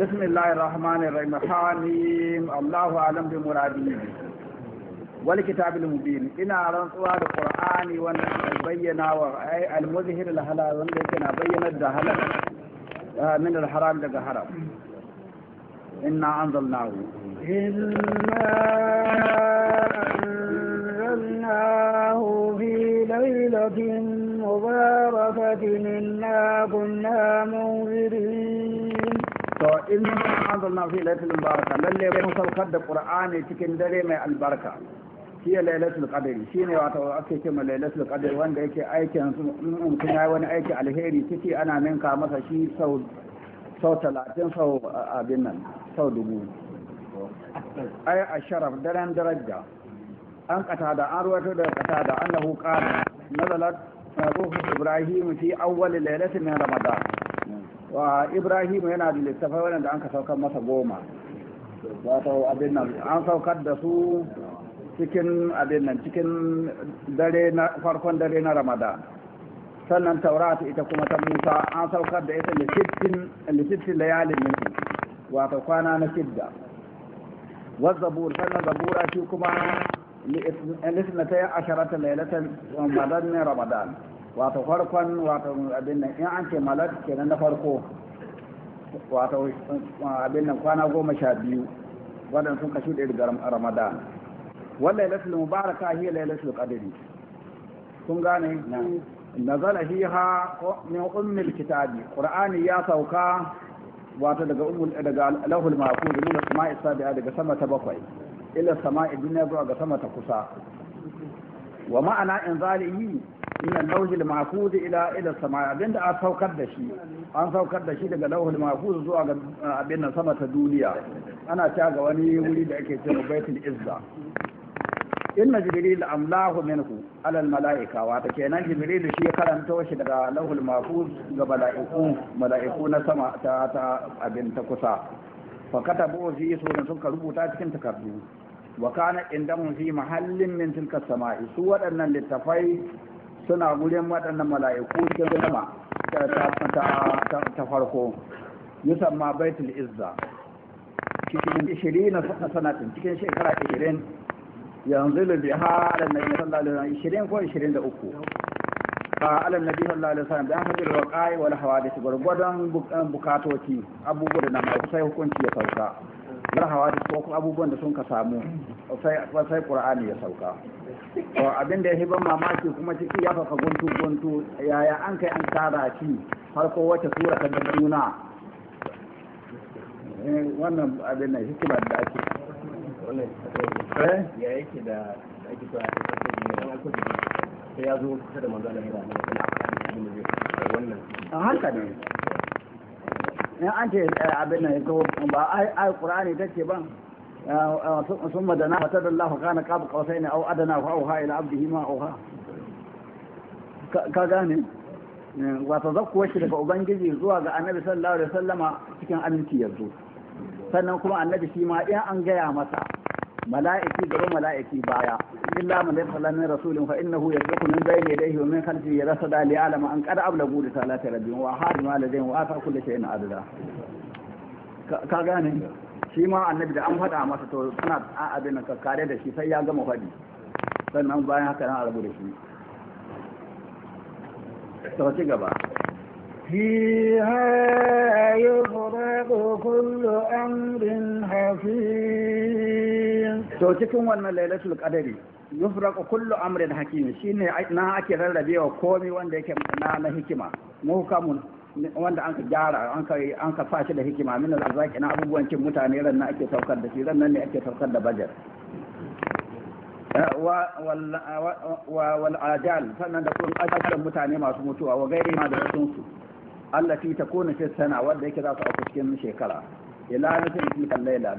بسم الله الرحمن الرحيم حميم الله أعلم بمرادين والكتاب المبين إن رنسوا القرآن وأن بينا المظهر الحلال وأن كنا بينا الدهلال من الحرام للحرام إنا أنزلناه إنا أنزلناه في ليلة مباركة إنا كنا منذرين to inna anzalna fi lailatul baraka lalle mun saukar da qur'ani cikin dare mai albarka shi ne lailatul qadri shine wato ake cewa lailatul qadri wanda yake aikin mutum yayi wani aiki alheri ciki ana ninka masa shi sau sau talatin sau abin nan sau dubu ai a sharaf daren daraja an kata da an ruwato da kata da annahu qala nazalat ruhu ibrahim fi awwal lailatin min ramadan Ibrahim yana da littafai waɗanda an ka saukar masa goma wato abin nan an saukar da su cikin abin nan cikin dare na farkon dare na Ramadan sannan Taurat ita kuma ta Musa an saukar da ita da layalin minti wato kwana na shidda wazzabur sannan zabura shi kuma lisnata asharata lailatan Ramadan ne Ramadan wato farkon wato abin nan in an ce malat kenan na farko wato uh, abin nan kwana goma sha biyu waɗanda sun kashi ɗaya daga ramadan wannan lailatul mubaraka hiya lailatul qadri kun gane Na mm. nazala fiha min ummil kitabi qur'ani ya sauka wato daga ummul daga lahul mahfuz min sama'i sabi'a daga sama ta bakwai ila sama'i dunya zuwa ga sama ta kusa wa ma'ana in inzalihi Ina al-lawhil mahfuz ila ila sama abinda a saukar da shi an saukar da shi daga lawhil mahfuz zuwa ga abin nan sama ta duniya ana ta ga wani wuri da ake cewa baitul izza inna jibril amlahu minhu ala al-mala'ika ta kenan jibril shi ya karanta shi daga lawhil mahfuz ga mala'iku mala'iku na sama ta ta abin ta kusa fa katabu fi sunan suka rubuta cikin takardu wa kana indamu fi mahallin min tilka sama'i su waɗannan littafai suna wurin waɗannan mala'iku cikin sama ta farko bai baitul izza cikin ishirin na sanatin cikin shekara ishirin yanzu lubiha da nabi sallallahu alaihi ishirin ko ishirin da uku ala nabi sallallahu alaihi wasallam dan wani hawa wal hawadith gurgudan eh, bukatoci abubuwan da nan sai hukunci ya sauka wal hawadith ko abubuwan da sun ka samu sai sai qur'ani ya sauka to abin da ya hiban mamaki kuma ciki ya faka guntu guntu yaya an kai an tara shi har ko wata sura ta duna eh, wannan abin da ake eh, ya yake da ake sai ya zo kusa da manzo Allah ya da wannan a haka ne in an ce eh, abin nan ko ba ai ai qur'ani take ban ثم دنا فتد الله كان قاب قوسين او ادنى فاوها الى عبده ما اوها ka gane eh, wato zakkuwar shi daga ubangiji zuwa ga annabi sallallahu alaihi wasallama cikin aminci yanzu sannan kuma annabi shi ma idan an gaya masa mala'iki gaba mala'iki baya illa man laysa lana rasulun fa innahu yasbiqu min bayni yadayhi wa min khalfihi yarasada li alama an qad ablagu da salati rabbihim wa hadu waladain wa ata kulli shay'in adada ka gane shi ma annabi da an fada masa to suna abin ka kare da shi sai ya gama faɗi sannan bayan haka na rabu da shi to ci gaba فيها يفرق كل أمر حفيظ to cikin wannan lailatul qadari yufraqu kullu amrin hakim shine na ake rarrabewa komai wanda yake na na hikima muhkamun wanda an ka gyara an ka an ka fashi da hikima min al-arzaqi na abubuwan cin mutane ran ake saukar da shi ran nan ne ake saukar da bajar eh, wa wal ajal sannan da kun ajal mutane masu mutuwa wa gairi ma da sun su allati takunu fi sana wanda yake za su a cikin shekara ila nasin fi laila